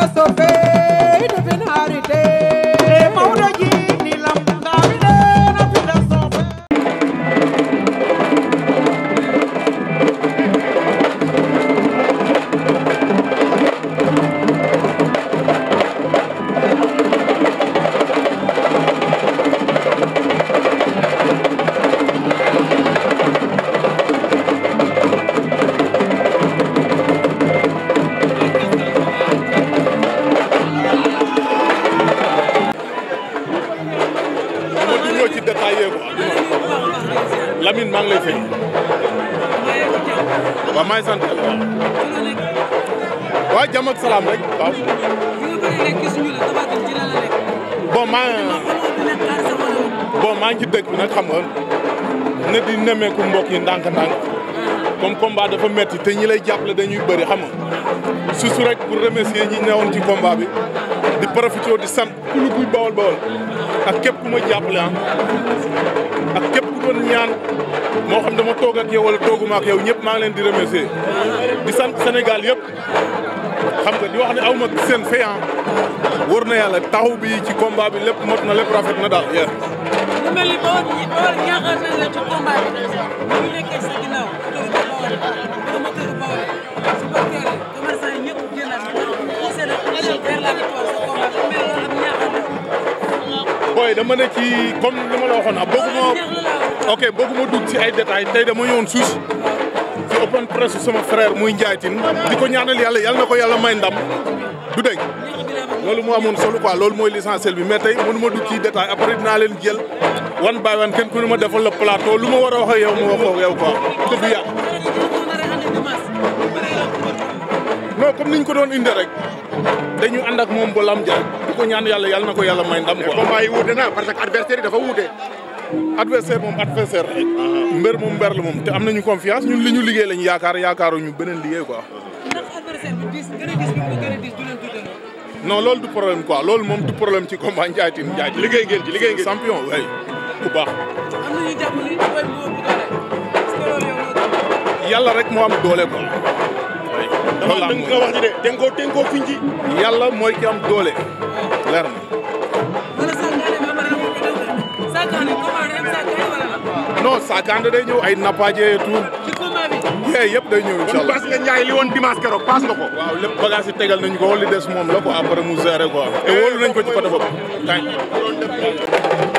Abrazo, Fe. ñëw ci détaillé ko Lamine maa ngi lay fay. waaw maa ngi sant waaw jàmm salaam rek waaw. bon maa bon maa ngi dëkk bi nag ne di nemmeeku mbokk yi ndànk-ndànk. comme combat dafa metti te ñi lay jàppale dañuy bari xam nga susu rek pour remercier ñi newoon ci combat bi di profité di sant ku lu kuy bawal bawal ak képp ku ma jàppale ah ak képp ku doon ñaan moo xam dama toog ak yow wala tooguma ak yow ñëpp maa leen di remercier di sant Sénégal yëpp xam nga di wax ne aw ma seen fayan ah. wër na yàlla taxaw bi ci combat bi lépp mot na lépp rafet na daal yéen. booy dama ne kii comme li ma la waxoon ah bëgguma ok bëgguma dugg si ay détails tey dama yoon suus ci open presse sama frère muy Ndiaye Tine di ko ñaanal yàlla yàlla na ko yàlla may ndam du dégg loolu moo amoon solo quoi loolu mooy l'essentiel bi mais tey mënu ma dugg ci détail après dinaa leen jël wan by wan kenn ku ne ma defal la plateau lu ma war a wax ak yow ma wax ak yow quoi te du comme niñ ko doon inde rek dañu ànd ak moom ba lam ja bu ko ñaan yàlla yàlla na ko yàlla may ndam quoi. combat yi wuute na parce que adversaire yi dafa wuute. adversaire moom adversaire rek. moom mbër la moom te am nañu confiance ñun li ñu liggéey lañ yaakaar yaakaaruñu beneen liggéey quoi. ko gën a diis loolu du problème quoi loolu moom du problème ci combat Ndiaye Tine Ndiaye Tine. liggéey ngeen ci liggéey ngeen champion waay bu baax. am na ñuy jàpp ni mooy moo ëpp doole. est yàlla rek moo am doole quoi. loolu laa nga wax ni de te koo te yàlla mooy ki am doole leer na. non Sakandé day ñëw ay nappaaje tout. ci yee yëpp day ñëw incha allah parce que Ndiaye li woon dimanche keroog paas nga ko. waaw lépp bagage tegal nañu ko li des moom la ko après mu gérer quoi. te wóolu ko ci côté boobu. Eh,